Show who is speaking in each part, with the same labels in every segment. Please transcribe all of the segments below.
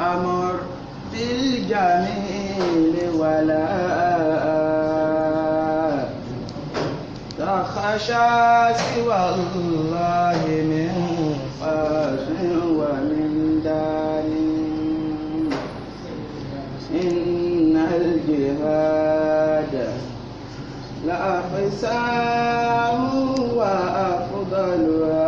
Speaker 1: أمر بالجميل ولا تخشى سوى الله من فاس ومن دان إن الجهاد لأقسام وأفضلها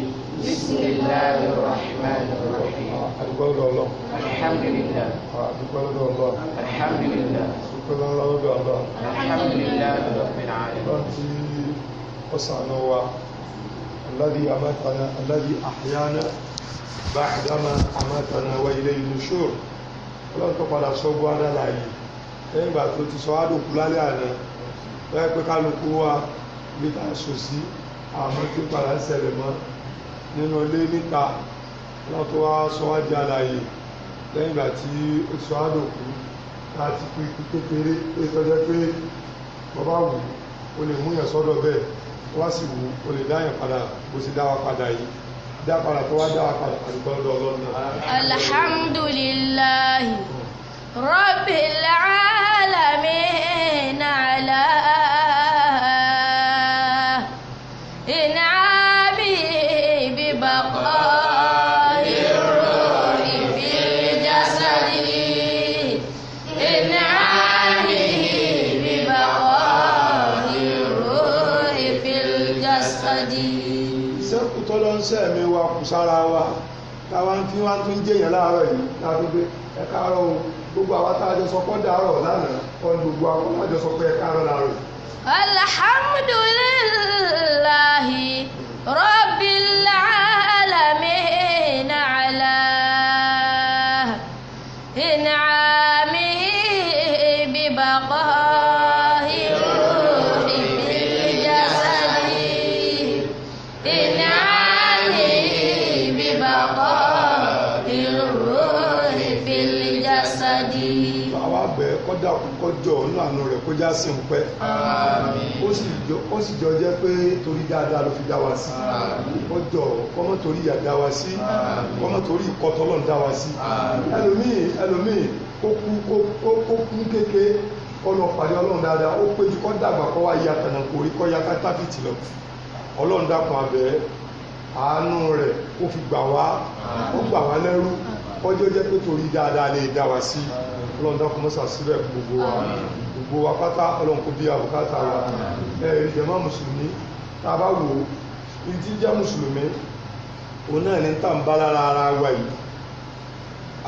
Speaker 1: بسم الله الرحمن الرحيم أدوكو الله الحمد لله أدوكو الله الحمد لله أدوكو الله الحمد لله رب العالمين وصعنا هو الذي أماتنا الذي أحيانا بعدما أماتنا وإليه النشور ọlọ́run tó padà sọ bó ara láàyè lẹ́yìn ìgbà tó ti sọ àdùkú lálẹ́ àná lọ́yẹ́ pé kálukú wa bí nínú ilé níta wọn tó wá sọ wá di àlàyé ìgbà tí ó sọ láti kú ikú kékeré pé tọ́jọ́ pé bàbá wù ó lè múyàn sọ́dọ̀ bẹ́ẹ̀ wá sì wù ó lè dáyàn padà bó sì dá wa padà yìí dá padà tó wá dá wa padà àdúgbò ọ̀dọ̀ Ọlọ́run náà. alhamdulillahi rabbil alamin ala. sára wa táwa ń fi wá tún jẹ́yàn láàárọ̀ yìí láti gbé ẹ káàárọ̀ o gbogbo àwa tá sọ pé dàárọ̀ lánàá wọn gbogbo àwọn tá sọ pé ẹ káàárọ̀ láàárọ̀ yìí. alhamdulillahi rabbil alamin. kọ́ dàkún kọ́ jọ ọ̀nà àánú rẹ̀ kó já sí òun pẹ́ ó sì jọ jẹ́ pé torí dáadáa ló fi dá wa sí kọ́ kọ́mọ́ torí dá wa sí kọ́mọ́ torí ìkọ́tọ́lọ́ dá wa sí ẹlòmíì ẹlòmíì kó kú kéke ya tànà kọ́ ya lọ ọlọ́run dákun abẹ́ àánú rẹ̀ ó fi gbà wá ó gbà wá lẹ́rú kọjọ́ jẹ́ pé wa sí ọlọ́run dákun mọ́sà síbẹ̀ gbogbo wa gbogbo wa pátá ọlọ́run kò bí àbùkátà wa ẹ̀rí mùsùlùmí tá a bá wò ó ní tí jẹ́ mùsùlùmí òun náà ní tà ń bá lára ara wa yìí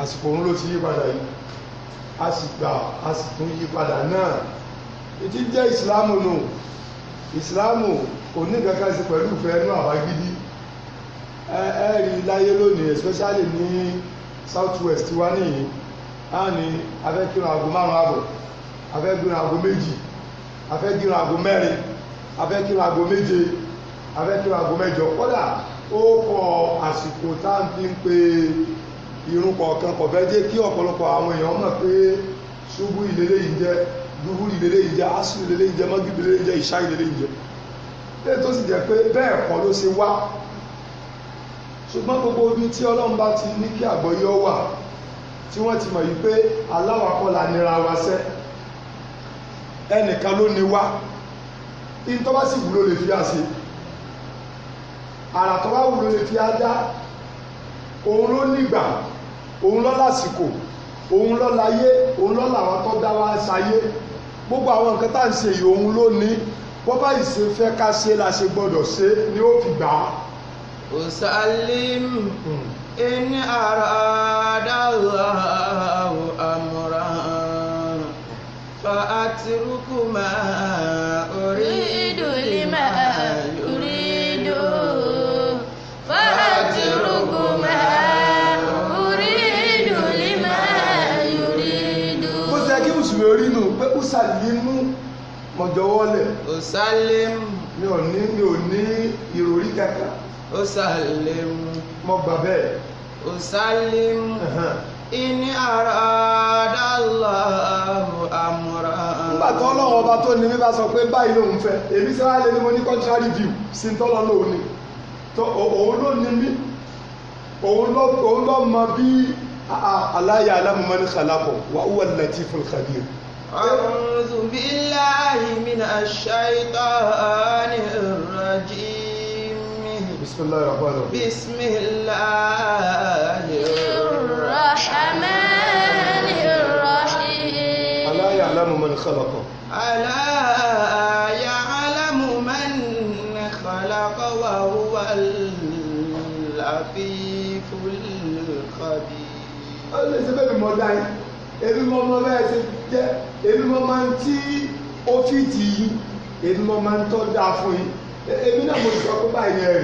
Speaker 1: àsìkò òun ló ti yí padà yìí a sì gbà a sì tún yí padà náà ìdí jẹ́ ìsìláàmù nù ìsìláàmù kò ní kankan sí pẹ̀lú ìfẹ́ inú àbágídí ẹ ẹ rí láyé lónìí especially ní south west wa nìyí á ní afẹ́kírun aago márùn-ún àbọ̀ afẹ́kírun aago méjì afẹ́kírun aago mẹ́rin afẹ́kírun aago méje afẹ́kírun aago mẹ́jọ kódà ó kọ àsìkò tá à ń fi ń pe irun kọ̀ọ̀kan kò fẹ́ jẹ́ kí ọ̀pọ̀lọpọ̀ àwọn èèyàn mọ̀ pé ṣubú ìlélẹ́ yìí jẹ́ dúró ìlélẹ́ yìí jẹ́ asùn ìlélẹ́ yìí jẹ́ mọ́gí ìlélẹ́ yìí jẹ́ ìṣá ìlélẹ́ yìí jẹ́ lẹ́yìn tó sì jẹ́ pé bẹ́ẹ̀ kọ́ ló ṣe wá ṣùgbọ́n gbogbo ibi tí ọlọ́run bá ti ní kí àgbọ̀yọ́ wà tí wọ́n ti mọ̀ yìí pé aláwakọ̀là nira wa sẹ́ ẹnìkan ló ní wá ìtọ́wá sì wúlò lè fi àṣe àrà tọ́wá wúlò lè fi ajá òun ló nígbà òun ló lásìkò òun ló láyé òun ló làwọn tó dá wa sáyé gbogbo àwọn nǹkan tá à ń ṣe yìí òun ló ní bọ́bá ìṣe fẹ́ ká ṣe la ṣe gbọ́dọ̀ ṣe ni ó fi gbà á. òsàlẹ̀ mùkùn. إن أراد الله أمرا فأترك ما أريد لما يريد فأترك ما أريد لما يريد bó ṣe kí mùsùlùmí orí nù pé ó ṣàlímù mọ̀jọ́wọ́lẹ̀ ó ṣàlímù mi أسلم مبابي أسلم إن أراد الله أمرا nígbà tó ọlọ́run ọba tó ní mi bá sọ pé báyìí lòun fẹ́ èmi Ísírẹ́lì ni mo ní contrary view sí ń tọ́lọ́ lòun ni òun ló ní mí òun ló mọ bí aláya alámúmọ́ ní kàlákọ̀ wà wà latiful khabir. أعوذ بالله من الشيطان الرجيم بسم الله الرحمن الرحيم بسم الله الرحمن الرحيم ألا يعلم من خلقه. ألا يعلم من خلق وهو اللطيف الخبير أليس بني مدعي èmi mọ ọmọ bẹ́ẹ̀ ṣe jẹ́ èmi mọ máa ń tí ó fìdí yín èmi máa ń tọ́ fún yín èmi náà mo sọ pé báyìí ẹ̀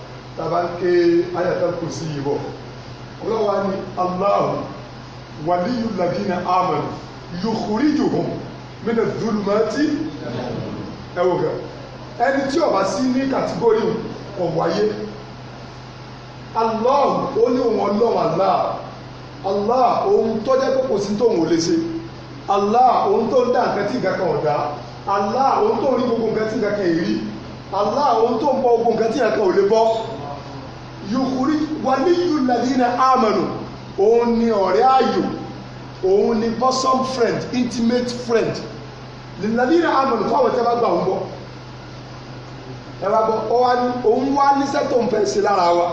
Speaker 1: tàbá ń ké ayatollah kò sí yìí bọ̀ ọlọ́wà ni Allahu wàlíyù ladina amanu yukhrijuhum mina dhulumati ẹwọ kan ẹni tí ó bá sí ní kàtígórì ọ̀wáyé Allahu ó ní òun ọlọ́run Allah Allah ohun tó jẹ́ kókò sí tóun ò lè ṣe Allah ohun tó ń dá nǹkan tí nǹkan kan Allah ohun tó ń rí gbogbo nǹkan tí nǹkan Allah ohun tó ń bọ gbogbo nǹkan tí nǹkan lè bọ́ yùkúrí wàlíyù ladina amanu òun ni ọ̀rẹ́ ayò òun ni bosom friend intimate friend ladina amanu fún àwọn tí a bá gbà ń bọ̀ ẹ bá gbọ́ òun wá níṣẹ́ tó ń fẹ́ ṣe lára wa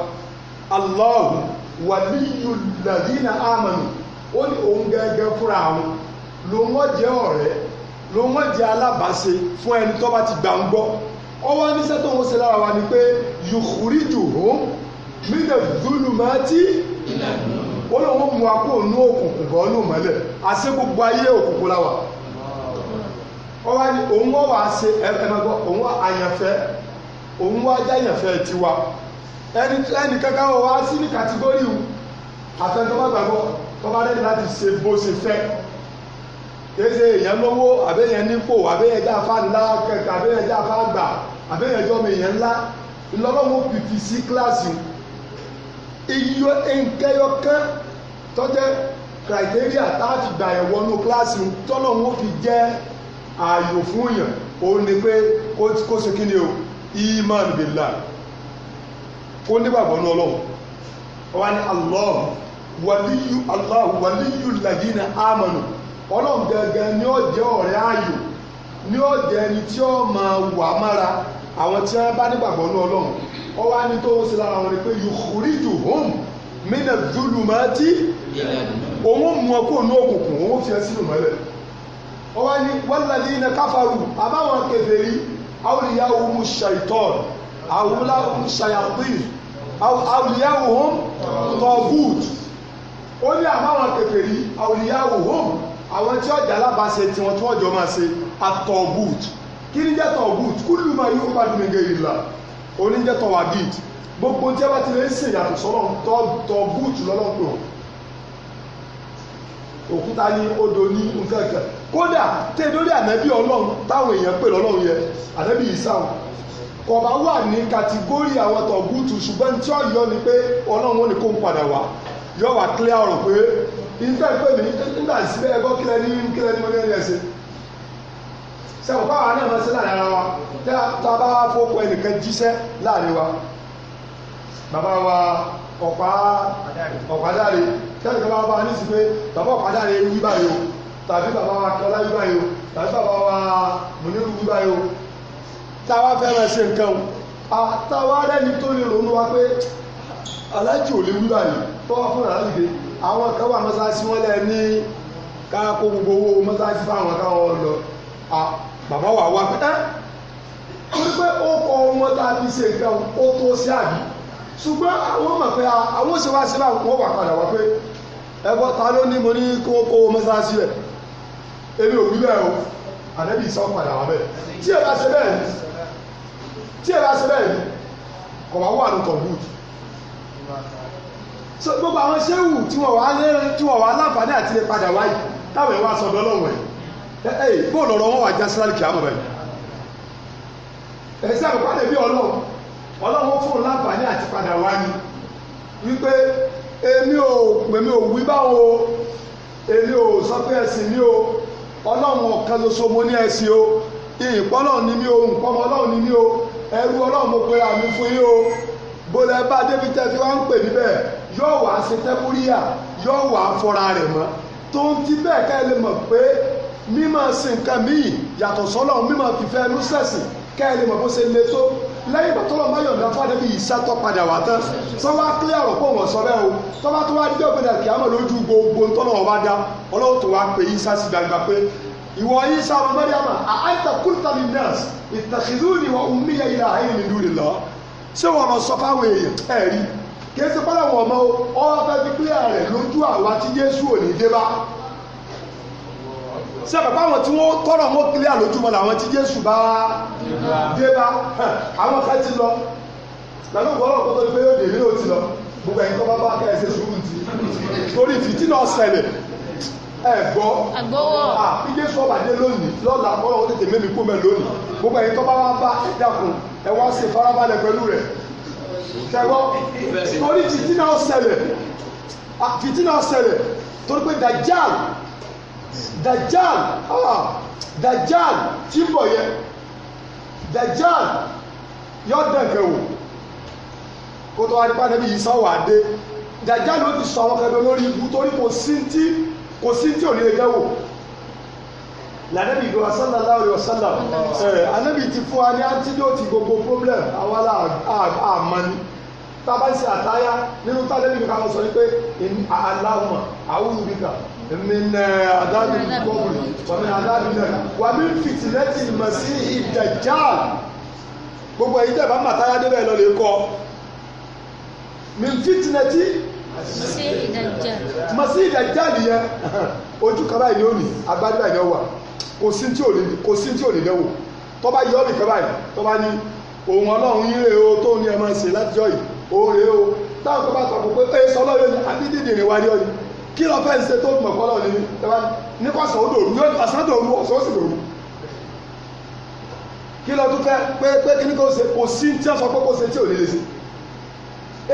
Speaker 1: Allahu wàlíyù ladina amanu ó ní òun gẹ́gẹ́ fúnra àwọn ló wọ́n jẹ́ ọ̀rẹ́ ló wọ́n jẹ́ alábàáṣe fún ẹni tó bá ti gbà ń gbọ́ ó wá níṣẹ́ tó ń ṣe lára wa ni pé yùkúrí jù hó mílíọ̀nù dúlù máa tí ó lóun mú akó ònú òkùnkùn bọ́ ọ́nú mọ́lẹ̀ àṣẹ gbogbo ayé òkùnkùn láwà ó wá ní òun wọ́n wá ṣe ẹ̀ẹ́dẹ́gbẹ́gbọ́ òun àyànfẹ́ òun wá jáyànfẹ́ tiwa ẹni kankan wọ́n wá sí ní kàtígórì àfẹ́ntọ́mọ́gbàgbọ́ tọ́ba rẹ̀ láti ṣe bó ṣe fẹ́ kéde èèyàn lówó àbẹ́yẹn nípò àbẹ́yẹn jẹ́ afá ńlá kẹ̀kẹ́ àbẹ́yẹn jẹ́ afá gbà àbẹ́yẹn jọ́mọ èèyàn ńlá ìlọ́lọ́wọ́ pìpì sí kíláàsì iyọ nkẹyọkán tọjẹ criteria tá a fi gbà ẹ̀wọ́ nù kíláàsì wọn fi jẹ ààyò fún yàn òun ni pé kó ṣe kí ni o iman bela kó nígbàgbọ́ nù ọlọ́run wọn ni allah wàlíyù allah wàlíyù làdínà amanu ọlọ́run gẹ́gẹ́ ni ó ọ̀rẹ́ ààyò ni ó ẹni tí ó máa wà mára àwọn tí wọ́n bá nígbàgbọ́ ọlọ́run ó wá ní tó ń ṣe lára wọn ni pé yùkúrìjù hom mínà dúlù máa tí òun mú ọkọ ní òkùnkùn òun fi ẹ sínú mọ́lẹ̀ ó wá ní wàlàdí iná káfàrù àbáwọn kèfèrí àwòlíyá òun ṣàìtọ́n àwòlá òun ṣàyàpín àwòlíyá òun tọ́gùt ó ní àbáwọn kèfèrí àwòlíyá òun àwọn tí ọjà alábàáṣe tiwọn tí wọ́n jọ máa ṣe àtọ̀gùt kí ni jẹ́ tọ̀gùt kúlùmọ̀ yóò bá dùn ní gẹ̀rì láà oníjẹ́ tọ̀wádìd gbogbo tí a bá ti lè ń ṣèyàtọ̀ sọ́lọ́ tọ́ búùtù lọ́lọ́ pé wọn òkúta ní odò ní nǹkan kan kódà tẹ lórí ànábì ọlọ́run táwọn èèyàn pè lọ́lọ́run yẹ ànábì ìsáwọn kọba wà ní kàtígórì àwọn tọ̀gùtù ṣùgbọ́n tí ó yọ ni pé ọlọ́run ó ní kó ń padà wá yọ wà clear ọ̀rọ̀ pé ìfẹ́ pè mí nígbà síbẹ̀ ẹgbọ́ kílẹ̀ ní kílẹ̀ ní mo ní ẹ̀yẹ ṣe sẹ́wọ̀n fáwọn náà máa ṣe láàrin ara wa tá a bá fọ́kọ ẹnìkan jíṣẹ́ láàrin wa bàbá wa ọ̀pá ọ̀pádáre sẹ́wọ̀n kan bá wà ní ìsìn pé bàbá ọ̀pádáre wí báyìí o tàbí bàbá wa kọlá wí báyìí o tàbí bàbá wa mùnírù wí báyìí o tá a wá fẹ́ máa ṣe nǹkan o àtàwọn arẹ́ni tó lè ronú wa pé aláàjì ò lè wí báyìí tó wá fún àlàlùdé àwọn kan wà mọ́sáàsì wọn lẹ́ ní ká kó gbogbo owó mọ́sáàsì fáwọn káwọn lọ bàbá wa wá pé ẹ́ wípé ó kọ ọmọ tá a fi ṣe nǹkan ó tó sí àbí ṣùgbọ́n àwọn mọ̀ pé àwọn òṣèwà sí báwọn wọ́n wà padà wá pé ẹgbọ́ ta ló ní mo ní kó kó mọ́sáàsì rẹ̀ èmi ò wí bẹ́ẹ̀ o ànábì sọ padà wá bẹ́ẹ̀ tí ẹ bá ṣe bẹ́ẹ̀ tí ẹ bá ṣe bẹ́ẹ̀ kọ̀ wá wà ní tọ̀gùd gbogbo àwọn ṣéwù tí wọ́n wà láǹfààní àti lè padà wáyé táwọn ẹ̀ wá sọ̀dọ̀ lọ́wọ́ ẹ̀ ẹ ẹ bó lọ́rọ̀ wọn wà já sílálì kí á mọ̀ báyìí ẹ̀sẹ̀ àgbà lè bí ọlọ́run ọlọ́run fún un láǹfààní àti padà wá ni wípé èmi ò èmi ò wí báwo èmi ò sọ pé ẹ̀sìn mi o ọlọ́run ọ̀kan ṣoṣo mo ní ẹ̀sìn o ìpọ́n náà ni mí o nǹkan ọmọ ọlọ́run ni mí o ẹrú ọlọ́run mo pera mi fún yín o bólú ẹ bá débi tẹ́ fi wá ń pè mí bẹ́ẹ̀ yóò wá ṣe tẹ́kúríyà yóò wá fọra rẹ̀ mọ́ tó ń ti bẹ́ẹ̀ ká ẹ lè mọ̀ pé mímọ̀ sí nǹkan míì yàtọ̀ sọ́lọ́run mímọ̀ fìfẹ́ ẹnu sẹ̀sìn kẹ́ẹ̀lì mọ̀ bó ṣe le tó lẹ́yìn ìgbà tọ́lọ́ bá yọ̀ǹda fún àdébí ìṣàtọ̀ padà wá tán sọ wá kílẹ̀ ọ̀rọ̀ pọ̀ wọ́n sọ bẹ́ẹ̀ o tọ́ba tó wá dé ọ̀gbẹ́dà kì á mọ̀ lójú gbogbo tọ́lọ́ wọn bá dá ọlọ́run tó wá pé ìṣà sí gbangba pé ìwọ ìṣà ọmọ mẹ́rìàmà àǹtà kúrúta mi nọ́ọ̀sì ìtàkìlú ni wọn ń níyà ilà ayé mi lù lọ. ṣé wọn lọ sọ fáwọn èèyàn ẹ rí kí ẹ ti pẹ́ ṣé bàbá àwọn tí wọ́n tọrọ wọn kílẹ̀ àlójúmọ́ làwọn tí Jésù bá dé bá àwọn kan ti lọ lànà ìgbọ́rọ̀ kó tó di pé yóò dé ní òtí lọ gbogbo ẹ̀yin tó bá bá kẹ́ ẹ ṣe sùúrù ti torí fìtí náà ṣẹlẹ̀ ẹ̀gbọ́ bí Jésù ọba dé lónìí lọ́la ọ̀rọ̀ òtètè mẹ́mi kú mẹ́ lónìí gbogbo ẹ̀yin tó bá wá bá dákun ẹ wá ṣe farabalẹ̀ pẹ̀lú rẹ̀ kẹwọ́ torí fìtí náà ṣẹlẹ̀ fìtí náà ṣẹlẹ̀ torí pé Dajjal dajjal ah dajjal tí ń bọ̀ yẹ dajjal yọ dẹ̀kẹ̀ wò kó tó wá nípa níbi yìí sáwọ́ adé dajjal ló ti sọ àwọn kẹdọ lórí ibu torí kò sí tí kò sí tí ò ní lè jẹ́ wò lànàbì ìdúrà sálàlá ọ̀rẹ́ ọ̀sálà ànàbì ti fún wa ní antidote gbogbo problem àwa là àmọ́ni tábà ń ṣe àtáyá nínú tálẹ́bì kan sọ ní pé aláwọ̀ àwọn olùbíkà من عذاب القبر ومن عذاب النار ومن فتنة المسيح الدجال gbogbo ẹ̀yin tẹ́ bá màtá yá débẹ̀ lọ lè kọ́ min fitinati masi ìdájá nìyẹn ojú kan báyìí ni ó nì agbádùn àìní ọwà kò sí tí ò lè dẹwò tó bá yọ nìkan báyìí tó bá ní òun ọlọ́run yín rèé o tó ní ẹ máa ń ṣe látijọ́ yìí O rèé o táwọn kan bá sọ pé ẹ sọ lọ́yọ́ ni abídìdì rìn wá ní ọ̀yìn kí lọ fẹ́ ṣe tó mọ̀ kọ́lọ́ ní ní kọ́sán ó dòru yóò kọ́sán ọ̀sán sì kí lọ tó fẹ́ pé pé kí ni kò ṣe kò sí tí a sọ pé kò ṣe tí ò ní lè ṣe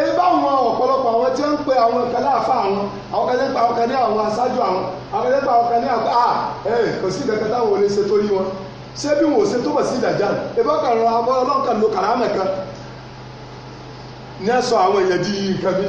Speaker 1: ebi báwọn ọ̀pọ̀lọpọ̀ àwọn tí wọ́n ń pe àwọn nǹkan láàfà àwọn àwọn kan nípa àwọn kan àwọn aṣáájú àwọn àwọn àwọn àwọn ah, kò sí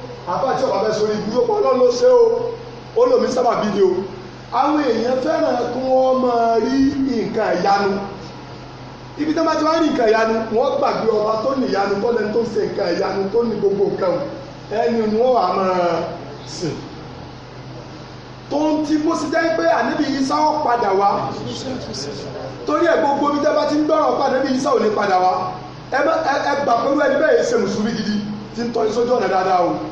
Speaker 1: àbájọ bàbá ẹ sórí ibú yóò ló ṣe o ó lòmí sábà bí ni o àwọn èèyàn fẹ́ràn kí wọ́n máa rí nǹkan ìyanu ibi tó bá ti wá rí nǹkan ìyanu wọ́n gbàgbé ọba tó ní ìyanu tó lẹ́nu tó ń ṣe nǹkan ìyanu tó ní gbogbo nǹkan ẹni ni wọ́n wà máa sìn tó ń ti bó sì jẹ́ pé ànábì Ìsá ó padà wá torí ẹ̀ gbogbo ibi tẹ́ bá ti ń dọ̀rọ̀ pa ànábì Ìsá ò ní padà wá ẹ gbà pé wẹ́n bẹ́ẹ̀ ṣe mùsùlùmí gidi ti ń tọ́ ní sójú ọ̀nà dáadáa o.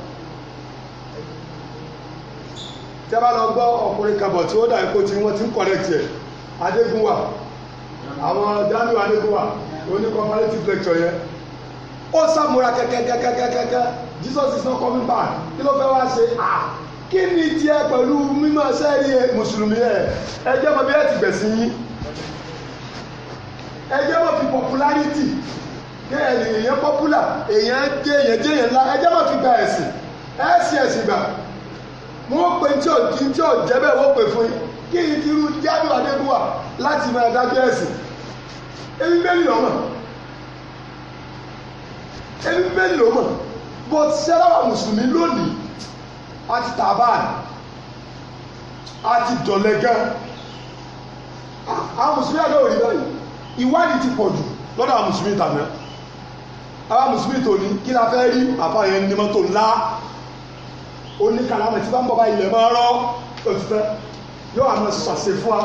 Speaker 1: tí a bá lọ gbọ́ ọkùnrin kabọ̀ tí ó dà kó tí wọ́n ti ń kọ̀rẹ́tì ẹ̀ adégúnwà àwọn dánú adégúnwà oní comparative yẹn ó sàmúra kẹ́kẹ́kẹ́kẹ́kẹ́ Jesus is not coming back kí ló fẹ́ wá ṣe à kí ni tiẹ̀ pẹ̀lú mímọ̀ sẹ́ẹ̀rí mùsùlùmí ẹ̀ ẹ jẹ́ mọ̀ bí ẹ ti gbẹ̀sìn yín ẹ jẹ́ mọ̀ fi popularity èèyàn popular èèyàn jẹ́ èèyàn jẹ́ èèyàn ńlá ẹ jẹ́ mọ̀ fi gba ẹ̀sìn ẹ̀sìn ẹ̀sìn gbà wọ́n pè tí òjì tí òjẹ́ bẹ́ẹ̀ wọ́n pè fún yín kí n ti rú jáde adébúwà láti máa dájọ́ ẹ̀sìn ebi bẹ́ẹ̀ ló mọ̀ ebi bẹ́ẹ̀ ló mọ̀ but sẹ́láwà mùsùlùmí lónìí àti tàbáà àti dọ̀lẹ́ gan àwọn mùsùlùmí àgbà òrí báyìí ìwádìí ti pọ̀ jù lọ́dọ̀ àwọn mùsùlùmí tàbí àwọn mùsùlùmí tòní kí la fẹ́ rí àfààyàn ní mọ́tò ńlá oníkàlámù tí bá ń bọ̀ bá ilẹ̀ máa rọ́ òtítọ́ yóò àmọ́ sàṣẹ fún wa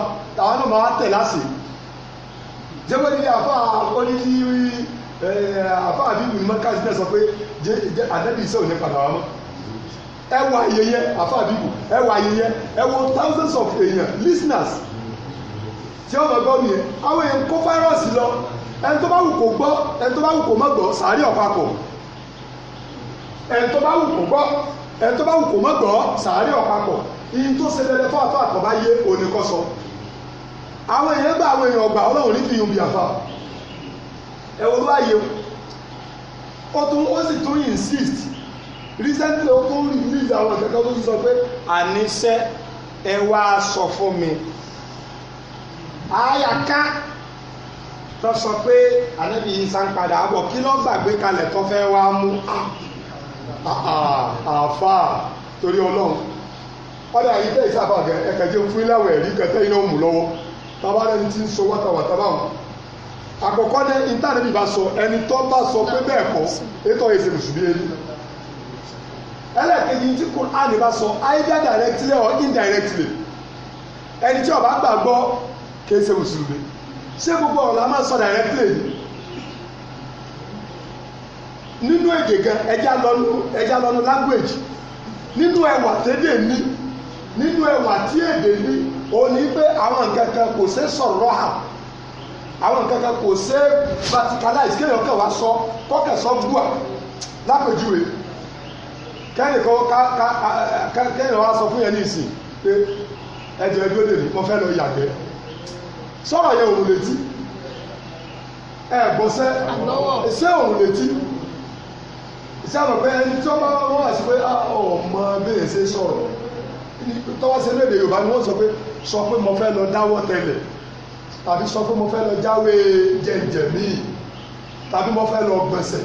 Speaker 1: àwọn náà máa tẹ̀ láṣẹ jẹ́wọ́ nílé àfa oníyíwí àfa àbíbù ní mọ́kàsí náà sọ pé àdẹ́bí iṣẹ́ ò ní padà wá mọ́ ẹ wọ ayẹyẹ àfa àbíbù ẹ wọ ayẹyẹ ẹ wọ thousands of èèyàn listeners tí ọmọ gbọ́ nìyẹn àwọn èèyàn kó fáírọ́ọ̀sì lọ ẹni tó bá wù kó gbọ́ ẹni tó bá wù kó má gbọ́ sàárẹ̀ ọ̀pá kọ̀ ẹni tó bá wù kó gbọ́ ẹ tó bá wù kó mọ́ gbọ́ sàárè ọ̀pápọ̀ ihun tó ṣe dẹdẹ fún àfa àkọ́bá yé òní kọ́ sọ àwọn èèyàn gba àwọn èèyàn ọgbà ọlọ́run ní fi yun bí àfa ẹ wo ló wá yẹ ó tún ó sì tún insist recently ó tún release àwọn ìkẹ́kọ̀ọ́ tó sọ pé àníṣe ẹ wá sọ fún mi àyàká tó sọ pé ànábì yìí sá ń padà bọ̀ kí ló gbàgbé kalẹ̀ tó fẹ́ wá mú àpò. Ah, àfà torí ọlọ́run ọ̀dà yìí tẹ́ ìsáfà ẹ̀ka jẹ́ fún iláwọ̀ ẹ̀rí kẹtẹ́ iná mú lọ́wọ́ bàbá rẹ̀ ti ń sọ wátawàtà báwọn àkọ́kọ́ ní ìtànẹ́bì bá sọ ẹni tó bá sọ pé bẹ́ẹ̀ kọ́ ètò èsè mùsùlùmí ẹni ẹlẹ́ẹ̀kejì tí Kùránì bá sọ either directly or indirectly ẹni tí ó bá gbàgbọ́ kì í ṣe mùsùlùmí ṣé gbogbo ọ̀rọ̀ la máa sọ directly nínú èdè gan ẹja lọ́nu language nínú ẹwà tédè ní nínú ẹwà tí èdè ní òní pé àwọn nǹkan kan kò ṣe sọ̀rọ̀ hà àwọn nǹkan kan kò ṣe kéèyàn kàn wá sọ kọ́kàn sọ búà lápèjúwe kẹ́nìkan ká ká wá sọ fún yẹn ní ìsìn pé lè fẹ́ lọ yàgbẹ́ sọ̀rọ̀ yẹn òun ẹ̀ ṣé sábà pé ẹni tí wọ́n bá wọ́n wá sí pé ọmọ ah, bẹ́ẹ̀ ṣe sọ̀rọ̀ tọ́wọ́ sí léde Yorùbá ni wọ́n sọ pé sọ pé mo fẹ́ lọ dáwọ́ tẹ̀lẹ̀ tàbí sọ pé mo fẹ́ lọ jáwé jẹ̀ǹjẹ̀mí tàbí mo fẹ́ lọ gbọ̀nsẹ̀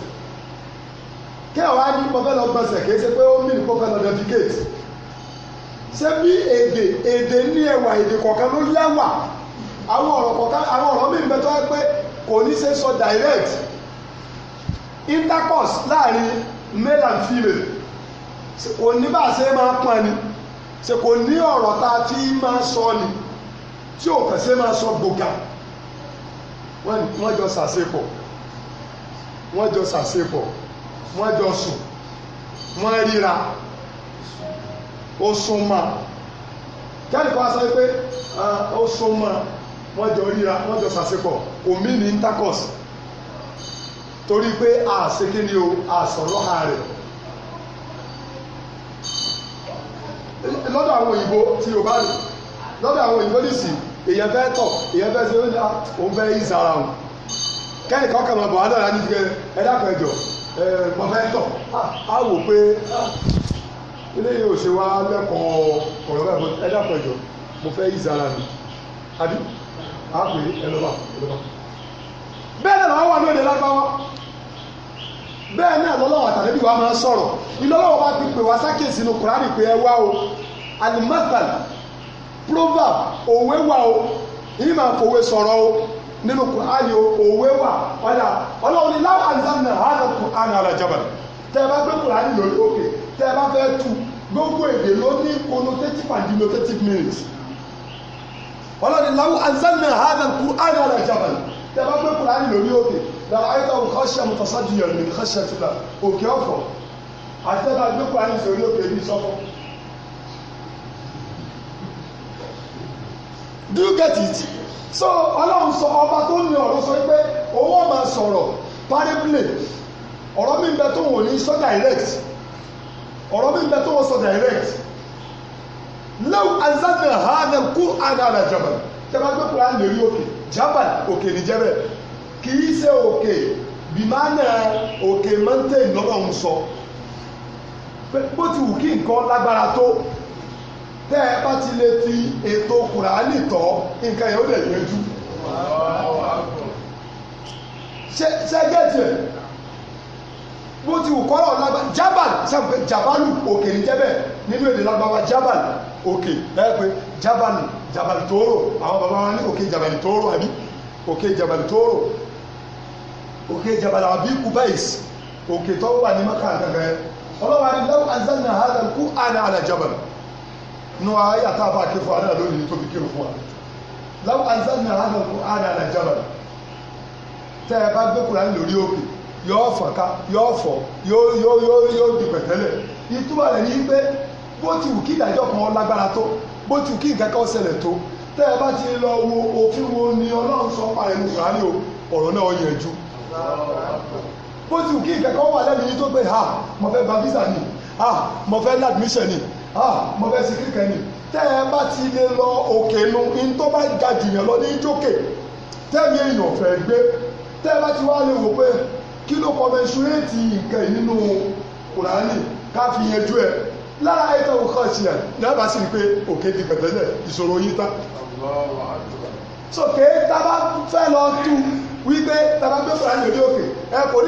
Speaker 1: kí ẹ̀ wá ní mo fẹ́ lọ gbọ̀nsẹ̀ kì í ṣe pé ó mìíràn kó fẹ́ lọ dẹ́fíkẹ́tì ṣé bí èdè èdè ní ẹwà èdè kọ̀ọ̀kan ló yáwà àwọn ọ̀rọ̀ kọ̀ọ̀kan àwọn ọ̀rọ̀ mi ń bẹ tó yẹ pé kò ní ṣe sọ direct intercourse láàrin male and female kò ní bá a ṣe máa pọn ni ṣe kò ní ọ̀rọ̀ tá a fi máa sọ ni tí ò kàn ṣe máa sọ gbòógà wọ́n jọ ṣàṣepọ̀ wọ́n jọ ṣàṣepọ̀ wọ́n jọ sùn wọ́n ríra ó sún mọ́ kẹ́lì kan sọ pé ah, ó sún mọ́ wọ́n jọ ríra wọ́n jọ ṣàṣepọ̀ omi ní intercourse torí pé àṣẹ kí ni o àṣọ̀rọ̀ ha rẹ̀ lọ́dọ̀ àwọn òyìnbó tí o bá rí lọ́dọ̀ àwọn òyìnbó nìsí èèyàn fẹ́ tọ̀ èèyàn fẹ́ ṣe ó ní ah, òun fẹ́ yí sara o kẹ́nìkan kan máa bọ̀ wọ́n náà ní ti ẹ dákun ẹjọ́ fẹ́ tọ̀ á ah, wò pé ilé ah, ò ṣe wá lẹ́kọ̀ọ́ ọ̀rọ̀ bẹ́ẹ̀ fún ẹ dákun fẹ́ yí sara mi àbí àpè ẹ lọ́ba ẹ lọ́ba bẹ́ẹ̀ náà wà lóde lágbáwá bẹ́ẹ̀ náà lọ́lọ́wọ́ àtàlẹ́bí wa máa ń sọ̀rọ̀ ìlọ́lọ́wọ́ bá ti pè wá sákèsí inú kùránì pé ẹ wá o alimathal proverb òwe wà o yìí máa fòwe sọ̀rọ̀ o nínú kùránì òwe wà ọ̀dà ọlọ́run ní láwọn àǹsánà hàn kùránì alájábàlì tẹ́ ẹ bá gbé kùránì lórí òkè tẹ́ ẹ bá fẹ́ tu gbogbo èdè ló ní connotative and denotative meanings ọlọ́run ní láwọn àǹsánà hàn kùránì alájábàlì tẹ́ ẹ bá gbé kùránì lórí òkè làràyítà òun kọ́ṣẹ́ mọ̀tàṣájú yẹn ní kọ́ṣẹ́ ti là òkè ọ̀fọ̀ àtẹ́tà gbẹ́kọ̀ ayé sórí òkè do you get it? so ọlọ́run sọ ọba tó ní ọ̀rọ̀ sọ pé owó máa sọ̀rọ̀ parable ọ̀rọ̀ mi ń bẹ tó wọ̀ ní sọ direct ọ̀rọ̀ mi ń bẹ tó wọ̀ sọ direct lẹ́wọ̀ azadna hàdà kú àdàlà jabal jabal gbẹ́kọ̀ ayé lè rí òkè jabal òkè ní jẹ́bẹ̀ kì í ṣe òkè bìmánà òkè mountain lọ́lọ́run sọ bó ti wù kí nǹkan lágbára tó tẹ́ ẹ bá ti lè fi ètò kùránì tọ́ nǹkan yẹn ó lè yanjú ṣẹ́gẹ́tì bó ti wù kọ́rọ̀ lágbára jabal sẹ́wọ̀n pé jabalu òkè ní jẹ́bẹ̀ nínú èdè lágbára jabal òkè ẹ̀ pé jabalu jabal tóóró àwọn bàbá wọn ní òkè jabal tóóró àbí òkè jabal tóóró òkè jabal abi kubais òkè tó wà ní maka gẹ́gẹ́ ọlọ́wà ni lọ́wọ́ azanna hada kú àná àlà jabal nù ayé àtàbà kí fún àná lórí tó fi kí fún wa lọ́wọ́ azanna hada kú àná àlà jabal tẹ́ ẹ bá gbé kúrò lórí òkè yóò fọ̀ká yóò fọ̀ yóò yóò yóò yóò di pẹ̀tẹ́lẹ̀ ìtumọ̀ rẹ̀ ní pé bó ti wù kí ìdájọ́ kan lágbára tó bó ti wù kí nǹkan kan tó tẹ́ ẹ bá ti lọ wo òfin wo ni ọlọ́run sọ parẹ́ nù kúrò ní ọ̀rọ̀ náà yẹn ju bó ti wù kí ìkẹ́kọ̀ọ́ wà lẹ́nu yìí tó pé ha ah, mo fẹ́ gba visa ni ha ah, mo fẹ́ ní admission ni ha ah, mo fẹ́ sí kíkẹ́ ni tẹ́ ẹ bá ti lè lọ òkè nu in tó bá ga jìyàn lọ ní jókè tẹ́mi èèyàn fẹ́ gbé tẹ́ ẹ bá ti wá lè wò pé kí ló kọ́mẹ́súréètì nǹkan nínú kùránì ká fi yanjú ẹ̀ lára ètò òkàn tiẹ̀ lẹ́bàá sì pé òkè ti bẹ̀bẹ̀ lẹ̀ ìṣòro yìí tán. sókè tá a bá fẹ́ lọ tú wípé tàbá gbé kura ní òkè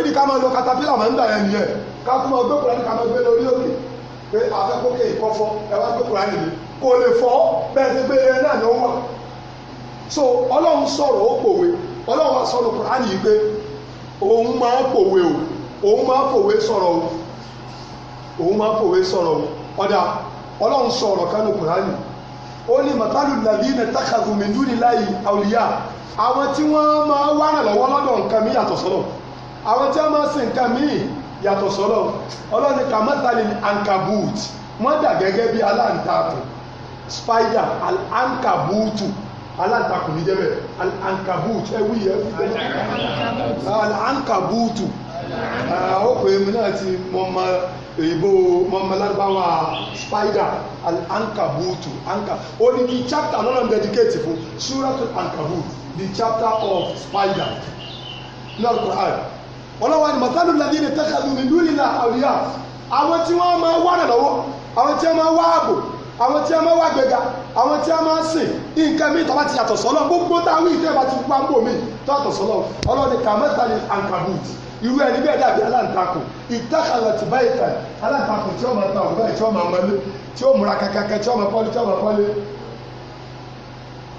Speaker 1: ẹ kò katapila máa ń dà yẹn ká tún máa gbé ká máa gbé lórí òkè pé afẹ́kókè ìkọ́fọ́ ẹ wá gbé kura nìyí kò lè fọ́ bẹ́ẹ̀ ti gbé yẹn náà ni ó so ọlọ́run sọ̀rọ̀ ó pòwe ọlọ́run wa sọ̀rọ̀ pé òun máa pòwe o òun máa pòwe o òun máa sọ̀rọ̀ ọ̀dà ọlọ́run kánú ó ní màtálù làbí àwọn tí wọ́n máa wá ràn lọ́wọ́ lọ́dọ̀ nǹkan mi yàtọ̀ sọ́lọ̀ àwọn tí wọ́n máa sin nǹkan mi yàtọ̀ sọ́lọ̀ ọlọ́ni kàmátàlì ankabut wọ́n dà gẹ́gẹ́ bí aláǹtakùn spider alankabutu aláǹtakùn ní jẹ́bẹ̀ alankabut ẹwú yẹ alankabutu ó pè mí náà ti mọ́mọ́ èyíbó mọ́mọ́lágbáwá spider al alankabutu ó ní bí chapter lọ́nà dedicate fún suratul ankabut the chapter of spider ní alukur'an ọlọ́wọ́ ni mọ̀tálù ladí ni tẹ́kadù ní lúlì náà àwòyá àwọn tí wọ́n máa wá nàlọ́wọ́ àwọn tí wọ́n máa wá ààbò àwọn tí wọ́n máa wá gbẹ̀gà àwọn tí wọ́n máa sìn nǹkan mi tọ́ba ti yàtọ̀ sọ́lọ́ gbogbo táwọn ìtẹ́ bá ti gbá ń bò mí tọ́ àtọ̀ sọ́lọ́ ọlọ́ni kàmẹ́ta ni ankabut irú ẹni bẹ́ẹ̀ dàbí aláǹtakùn ìtàkàlọ̀ tì báyìí tà aláǹtakùn tí ó máa ta òun báyìí tí ó máa mọ́lé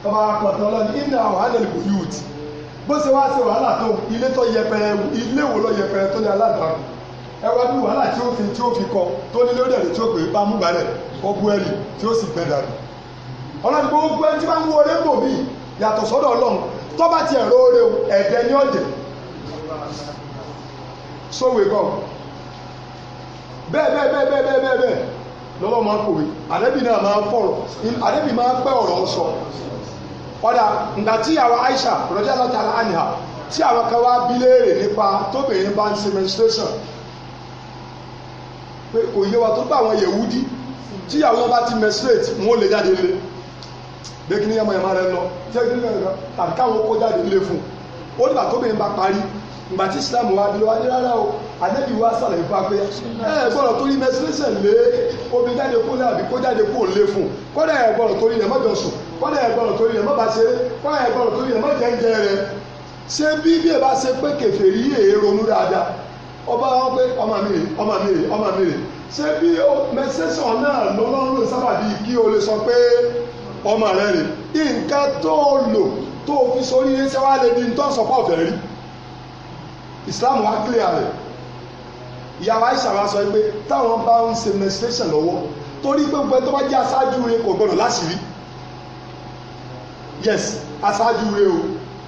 Speaker 1: tọ́ba pọ̀tọ́ ọla ní ìdá wàhálẹ̀ kò yí bó ṣe wá ṣe wàhálà tó ilé tó yẹpẹrẹ ilé wò lọ tó ní bí wàhálà tí ó fi tí kọ tó ní lórí ẹ̀rí tí ó pè é bámúgbà rẹ̀ ó bú ẹ̀rí tí ó sì gbẹ dàrú gbogbo tí bò mí ti ẹ̀rọ oore ẹ̀dẹ́ ní ọ̀dẹ̀ lọ́wọ́ máa kòwé àdẹ́bì náà máa fọ̀rọ̀ àdẹ́bì máa pẹ́ ọ̀rọ̀ sọ ọ̀dà ìgbà tí àwọn Aisha rọjá láti ara àníhà tí àwọn kan wá bí léèrè nípa tóbìnrin bá ń ṣe menstruation pé kò yé wa tó bá àwọn yẹ̀wúdí tí àwọn bá ti menstruate wọn ò lè jáde lé bẹ́ẹ̀ kí ni yàmọ̀ yàmọ̀ rẹ lọ jẹ́ kí ni yàmọ̀ rẹ tàbí káwọn kó jáde lé fún un ó nígbà tóbìnrin bá parí ìgbà tí islam wà dúró wá ní rárá o ànábì wa sàlàyé fún wa pé ẹ gbọ́dọ̀ torí menstruation lé omi jáde kó lé àbí kó jáde kó lé fún kọ́dà ẹ gbọ́dọ̀ torí rẹ̀ mọ́jọ sùn kọ́dà ẹ gbọ́dọ̀ torí rẹ̀ mọ́ba ṣeré kọ́dà ẹ gbọ́dọ̀ torí rẹ̀ mọ́jẹ ń jẹ rẹ̀ ṣé bí bí ẹ bá ṣe pé kèfèrí èé e ronú dáadáa ọba wọn pé ọmọ mi rè ọmọ mi rè ọmọ mi rè ṣé bí menstruation náà lọ́lọ́run ló sábàbí kí o lè sọ pé tó fi sórí iṣẹ́ wa lè di ọ̀fẹ́ rí Islam wa clear rẹ̀ ìyàwó Aisha wa sọ pé táwọn bá ń ṣe menstruation lọ́wọ́ torí pé gbogbo ẹ tó bá jẹ́ aṣáájú rẹ kò gbọdọ̀ láṣìírí yes aṣáájú rẹ o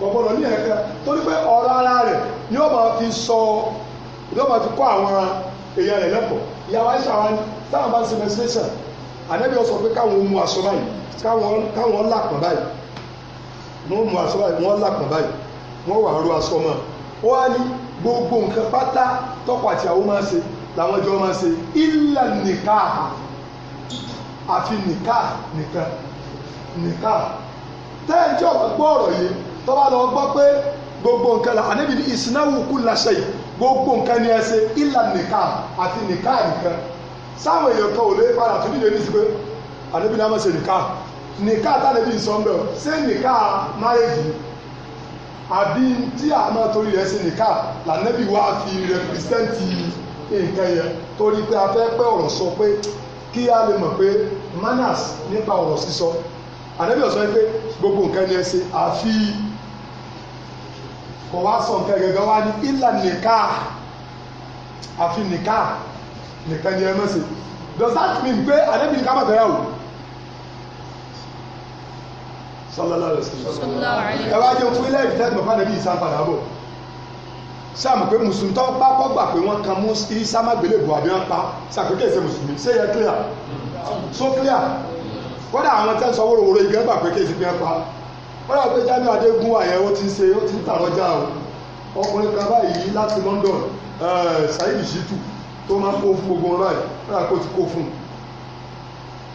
Speaker 1: kò gbọdọ̀ ní ẹ̀ka torí pé ọ̀rọ̀ ara rẹ̀ ni ó máa fi sọ ni ó máa fi kọ́ àwọn èèyàn rẹ̀ lẹ́kọ̀ọ́ ìyàwó Aisha wa ni táwọn bá ń ṣe menstruation ànábì ó sọ pé káwọn mú aṣọ báyìí káwọn lápọ̀ báyìí wọ́n mú aṣọ báyìí wọ́n lápọ̀ báyìí wọ́n wà á ro aṣọ mọ́ ọ wá ní gbogbo nǹkan pátá tọkọ àti àwọn máa ṣe làwọn jọ máa ṣe ilẹ̀ nìka àfi nìka nìkan nìka tẹ́ẹ̀jọ́ gbọ́ ọ̀rọ̀ yìí tọ́ba lọ gbọ́ pé gbogbo nǹkan la àníbi ní ìsináwó kú láṣẹ yìí gbogbo nǹkan ni ẹ ṣe ilẹ̀ nìka àfi nìka nìkan sáwọn èèyàn kan ò lè padà tún nílé ní sí pé àníbi ní a máa ṣe nìka nìka tánàbí ìsọ̀nbẹ̀ ṣé nìka máyéjì àbí tí àmọ́ torí rẹ̀ ṣe nìka lànẹ́bí wa fi rẹpìrìsẹ́ǹtì nǹkan yẹn torí pé a fẹ́ pẹ́ ọ̀rọ̀ sọ pé kí a lè mọ̀ pé manners nípa ọ̀rọ̀ sísọ ànẹ́bí ọ̀sán pé gbogbo nǹkan ni ẹ ṣe àfi kò wá sọ nǹkan gẹ́gẹ́ wá ní ìlà nìka àfi nìka nìkan ni ẹ mọ̀ sí does that mean pé ànẹ́bí ká mọ̀ fẹ́ yà wò sallallahu fún ilé ìtẹ́gbọ̀n fún àdébí ìsànpadà bọ̀ sáàmù pé mùsùlùmí tó bá kọ́ gbà pé wọ́n kan isa mágbélébù àbí wọ́n pa sàpèké ìṣe mùsùlùmí ṣé yẹ clear so clear kódà àwọn tẹ́ ń sọ wóróworó igi ẹgbà pé kéèsì fi ń pa kódà pé Jamiu Adégún àyẹ̀ ti ń ṣe ó ti ń tàrọjà o ọkùnrin kan báyìí láti London Saheed Shittu tó máa kó fún gbogbo wọn báyìí kódà kó ti kó fún un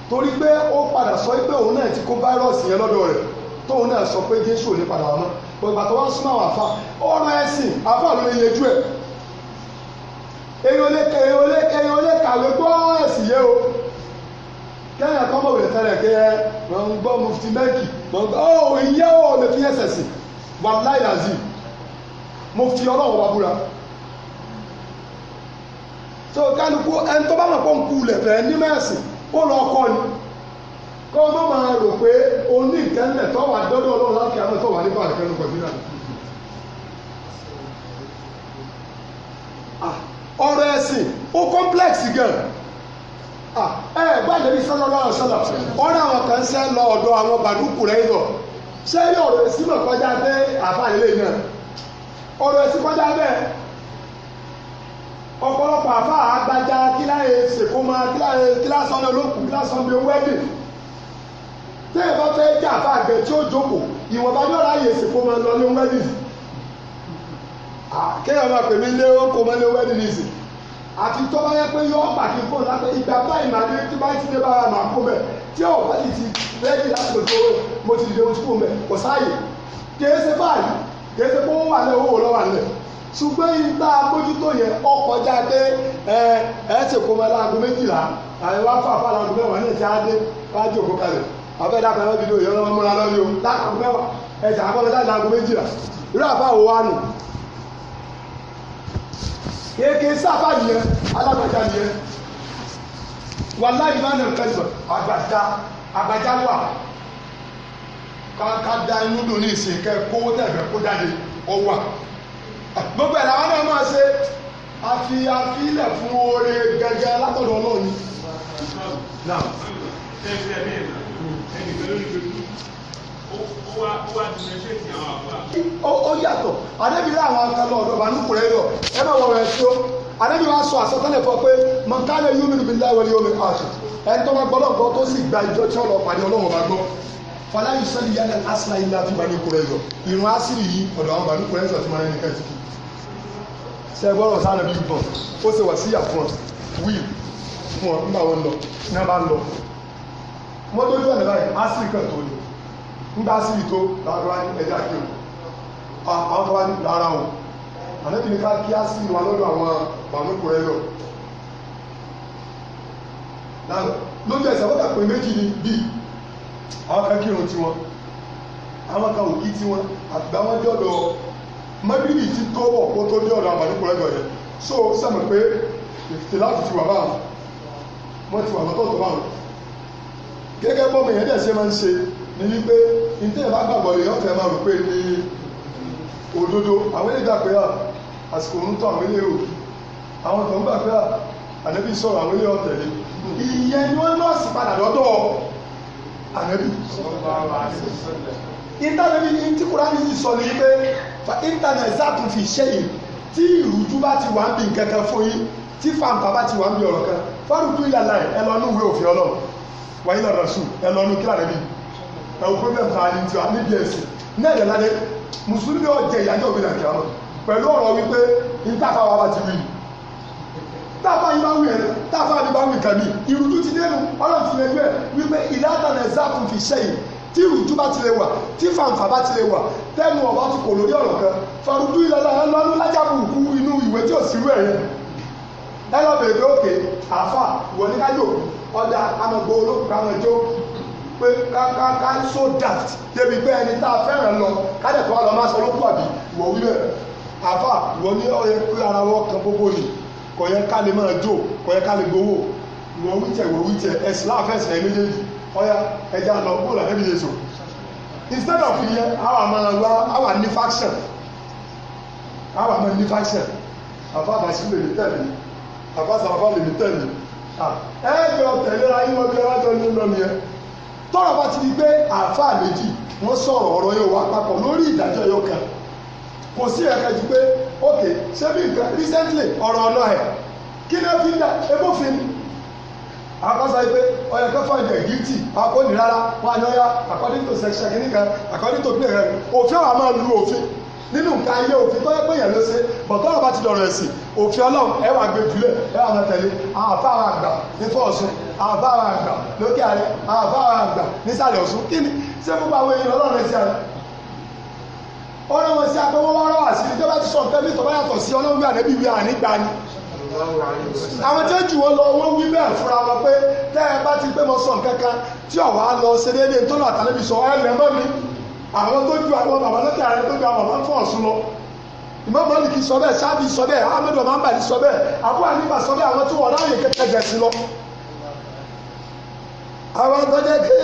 Speaker 1: torí pé ó padà sọ pé òun náà ti kó fáírọ́ọ̀sì yẹn lọ́dọ̀ rẹ̀ tóun náà sọ pé jésù ò ní padà wá mọ́ bọ̀dùbà tó wá ń súnmọ́ àwọn àfa ọ̀rọ̀ ẹ̀sìn àfa ló lè yẹjú ẹ̀ èyí ò lè kẹ èyí ò lè kẹ èyí ò lè kàwé gbọ́ ẹ̀sìn yẹ o kẹ́yìn àkọ́mọ̀ rẹ̀ tẹ́lẹ̀ kẹ́ ẹ mọ̀ ń gbọ́ mufti mẹ́kì mọ̀ ń gbọ́ ọ ìyẹ́ ò lè fi ẹsẹ̀ sìn wà láì làzì mufti ọlọ́run wà búra so kálukú ẹni tó bá mọ̀ pọ̀ ń kú lẹ̀ fẹ́ ní mẹ́sìn ó ni pé o ní ìtẹ́lẹ̀ tó wà dọ́dọ̀ ọlọ́run láti àná tó wà nípa àdìkẹ́ ah, ó complex gan ah, ẹ bá lẹ́bi sọ́nà àwọn kan ṣe lọ ọ̀dọ̀ àwọn bàdúkù rẹ̀ lọ ṣé yóò kọjá àbá ilé náà kọjá ọ̀pọ̀lọpọ̀ àfa àgbàjà kíláyè ṣèkómọ kíláyè kíláṣọ ọ̀nà olókùn kíláṣọ ọ̀nà wẹ́dì tí èèyàn bá fẹ́ jẹ́ àfa àgbẹ̀ tí ó jókòó ìwọ̀nba ní ọ̀rá yè ṣèkómọ lọ ní wẹ́dì kéèyàn máa pè mí lé kó mọ́ ní wẹ́dì nìsí àti tó bá yẹ pé yọ ọ́ pàkí fún ọ̀nà ìgbà báyìí màá dé tó bá ti dé bára màá kó bẹ̀ tí ò bá ti wẹ́dì láti lè fowó mo ti dìde mo ti kó bẹ̀ kò sáàyè kèé ṣe báyìí kèé ṣe kó wà lẹ́ owó lọ́wọ́ àlẹ́ ṣùgbọ́n yìí tá yẹn ọkọ̀ jáde ẹ ẹ láago méjìlá àyè wá fà fà láago ní ìṣe adé wá jò kó kalẹ̀ abẹ́ dàpọ̀ ẹ̀rọ yẹn lọ́wọ́ múra lọ́wọ́ yóò láago méjìlá irú nù. kéèké sáfà alágbàjá wà láì nà kẹsàn àgbàjá àgbàjá wà inú dùn ní gbogbo ẹ̀ làwọn náà máa ṣe àfi àfilẹ̀ fún oore gẹ́gẹ́ látọ̀dọ̀ ọlọ́run ni. ó yàtọ̀ adébílẹ̀ àwọn akẹ́lọ́ ọ̀dọ̀ bàánúkù rẹ̀ yọ ẹ bá wọ̀rọ̀ ẹ̀ tó adébí wa sọ àsọtẹ́lẹ̀ fọ pé mọ̀nkálẹ̀ yóò mìíràn bíi láwọlé omi pàṣẹ ẹni tó bá gbọ́ lọ́gbọ́ tó sì gba ìjọ tí ọlọ́ pàdé ọlọ́run bá gbọ́ fọláyìí sọ́ni yálẹ̀ asílẹ̀ ilé àti bàánúkù rẹ̀ yọ ìrún asílì yìí ọ̀dọ̀ àwọn bàánúkù rẹ̀ sọ̀ tí wọ́n rẹ̀ nìkan ti kì ṣẹgbọ́rọ̀ sáré bíbọ̀ ó ṣe wà sí àfọ̀n wíìl fún ọ nígbà wọn lọ ní bá lọ wọ́n tó jẹ́ ẹ̀lẹ́bàá yìí ásìrì kan tó ní nígbà ásìrì tó lára ẹja kí o àwọn tó wá ní lára wọn àlẹ́bí ní ká kí ásìrì wa lọ́dọ̀ àwọn bàmúkù rẹ lọ lójú ẹsẹ̀ wọ́n méjì bí àwọn kan kírun tiwọn mọ́gìrì ti tó wọ̀ kó tó dé ọ̀dọ̀ àbàdí so sẹ́mi pé ìfìtì ti wà bá wọn ti wà lọ́tọ̀ tó bá wọn. gẹ́gẹ́ bọ́mọ yẹn dẹ̀ ṣe máa ń ṣe ni wípé ìtẹ́ máa rò pé ní òdodo àwọn gbàgbé à ah, àsìkò ń àwọn àwọn tó ń gbàgbé ah, à àwọn ìyẹn ni padà fa íńtánẹ̀tì sátún fi se yìí tí ìrújú bá ti wà ń bí nǹkan kan fún yín tí fàǹfà bá ti wà ń bí ọ̀rọ̀ kan fọ́rùkú ìlànà ẹ lọ núwèé òfin ọlọ́run wàyí lọ́dọ̀ sùn ẹ lọ nú kílà rẹ̀ bí ẹ̀wù problem ta ni tiwa níbi ẹ̀sìn náà yẹ̀ ládé mùsùlùmí yóò jẹ ìyájọ́ òbí nàìjíríà lọ pẹ̀lú ọ̀rọ̀ wípé ìtàfà wa ti wí táfà yìí bá wí ẹ̀ táfà yìí bá wí kàmí ìrújú ti dénú ọlọ́run ti lè gbẹ wípé ìlànà ẹ̀ tí ìrùjú bá ti lè wà tí fàǹfà bá ti lè wà tẹ́nu ọ̀bá ti kò lórí ọ̀rọ̀ kan farudu ìlànà lọ́nú lájàbù kú inú ìwé tí ò sí rẹ̀ yẹn ẹ lọ bèrè pé òkè àáfà ìwọ ní kájò ọ̀dà amọ̀gbọ́ olókùnkà wọn jó pé kákáká so daft débi pé ẹni tá a fẹ́ràn lọ kájẹ̀ tó wà lọ máa sọ lókù àbí ìwọ wí bẹ́ẹ̀ àáfà ìwọ ní ọ̀yẹ pé ara wọn kan gbogbo ni kò yẹ ká lè máa jó kò yẹ ká lè gbowó ìwọ wíjẹ ìwọ wíjẹ ẹ̀sìn láàfẹ́sẹ̀ méjèèjì ọ̀yà ẹja lọ bó la ẹbí yẹn so instead of yẹ àwa máa wá àwa ní faction àwa máa ní faction àfa àdásí lè mi tẹ̀lé àfa sàfà lè mi tẹ̀lé ẹ jọ tẹ̀lé ra yín wọ́n fi ẹwà jọ ní lọ́nu yẹn tọ́rọ̀ bá ti di pé àfa méjì wọ́n sọ̀rọ̀ ọ̀rọ̀ yóò wá papọ̀ lórí ìdájọ́ yóò kàn kò sí ẹ̀ka ju pé ok ṣé bí nǹkan recently ọ̀rọ̀ ọ̀nà ẹ̀ kí ló fi ń da ebófin akọ́sọ pé ọ̀yà kẹfọ́ ẹ̀jẹ̀ gíìtì akọ́ni rárá wọn àyọ̀yà according to section kìíní kan according to kìíní kan òfin àwọn máa lu òfin nínú nǹkan ayé òfin tó yẹ pé yẹn ló ṣe bọ̀tọ́ ọba ti dọ̀rọ̀ ẹ̀sìn òfin ọlọ́run ẹ wà gbé jùlẹ̀ ẹ wà tẹ̀lé àfáàrà àgbà ní fọ́ọ̀sùn àfáàrà àgbà lókè àrẹ àfáàrà àgbà nísàlẹ̀ ọ̀sùn kí ni ṣé gbogbo àwọn èèyàn ọlọ́run ẹ̀sìn àrẹ ọ̀rọ̀ wọn sí apẹ́wọ́wọ́rọ́ àṣírí tó bá ti sọ nǹkan bí tọ́ bá yàtọ̀ sí ọlọ́run bí ànẹ́bí wí ànígbani àwọn tí ó jù wọ́n lọ wọ́n wí bẹ́ẹ̀ fúnra wọn pé tẹ́ ẹ bá ti pé mo sọ nǹkan kan tí ọ̀wá lọ ṣe déédéé tó lọ àtàlẹ́bí sọ ẹ lẹ́ mọ́ mi àwọn tó ju àwọn bàbá lọ́tẹ̀ ààrẹ tó ju àwọn bàbá fún ọ̀sùn lọ ìmọ̀ mọ́lìkì sọ bẹ́ẹ̀ sábì sọ bẹ́ẹ̀ ahmed ọ̀mánbàdì sọ bẹ́ẹ̀ àbú àníbà sọ bẹ́ẹ̀ àwọn tí wọ́n ráàyè kẹ́kẹ́ jẹ̀ sí lọ. àwọn tọ́jẹ́ pé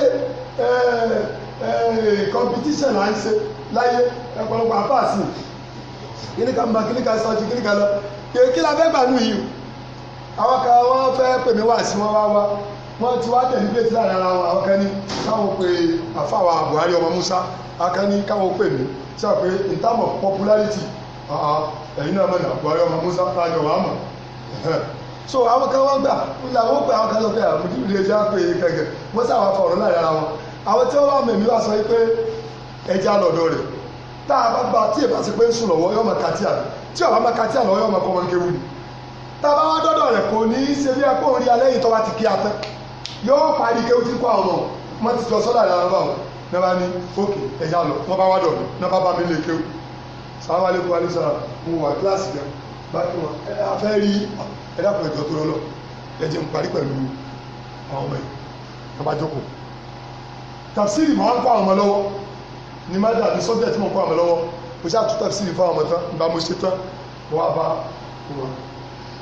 Speaker 1: competition là ń ṣe láyé ẹ̀pọ̀lọpọ̀ àpáàsì kíníkà ń ba kíníkà sọ́ọ̀tì kíníkà lọ kí la fẹ́ gbà nù yìí o àwọn kan wọ́n fẹ́ pè mí wá sí wọn wá wá wọ́n ti wá tẹ̀lé pé tílára ara wọn àwọn kan ní káwọn pe àfàwà Buhari ọmọ Musa akan ní káwọn pè mí sọ pé in terms of popularity ẹ̀yin náà mọ̀nà Buhari ọmọ Musa lájọ wàá mọ̀ so àwọn kan wọ́n gbà làwọn pè àwọn kan lọ pé àwọn ilé ẹja pé gẹ́gẹ́ wọ́n sábà fọ̀rọ̀ láàrin ara wọn àwọn tí wọ́n wà mẹ̀mí wá sọ pé ẹja lọ́dọ̀ rẹ̀ tá a bá gba tí èbá ti pé ń sùn lọ́wọ́ yọ̀ọ́ mọ̀ kàtí àbí tí ọba máa ka tí àlọ́ yọ ọmọ kọ́ wọn kéwù ni tábà wá dọ́dọ̀ rẹ̀ kò ní í ṣe bí ẹkọ́ orí alẹ́ yìí tọ́ba ti kí atẹ́ yóò parí kéwù tí kó àwọn ọmọ ti lọ sọ́dọ̀ àdáwọn bá wọn ní bá ní òkè ẹ̀yà lọ wọ́n bá wá dọ̀ ní bá bá mi lè kéwù sàwọn alẹ́ kó wa ní sara mo wà kíláàsì rẹ̀ bá tó wọn ẹ afẹ́ rí ẹ dákun ẹ̀jọ̀ tó lọ lọ ẹ jẹ́ n parí pẹ̀lú àwọn ọmọ yìí ní bá jókòó tàbí sí ìmọ̀ wọn kọ́ àwọn ọmọ lọ́wọ́ ní má dàbí sọ́bẹ̀tì mọ̀ mo ṣáà tún tàbí sí ìfọ àwọn tán ìgbà mo ṣe tán mo wá bá wọn.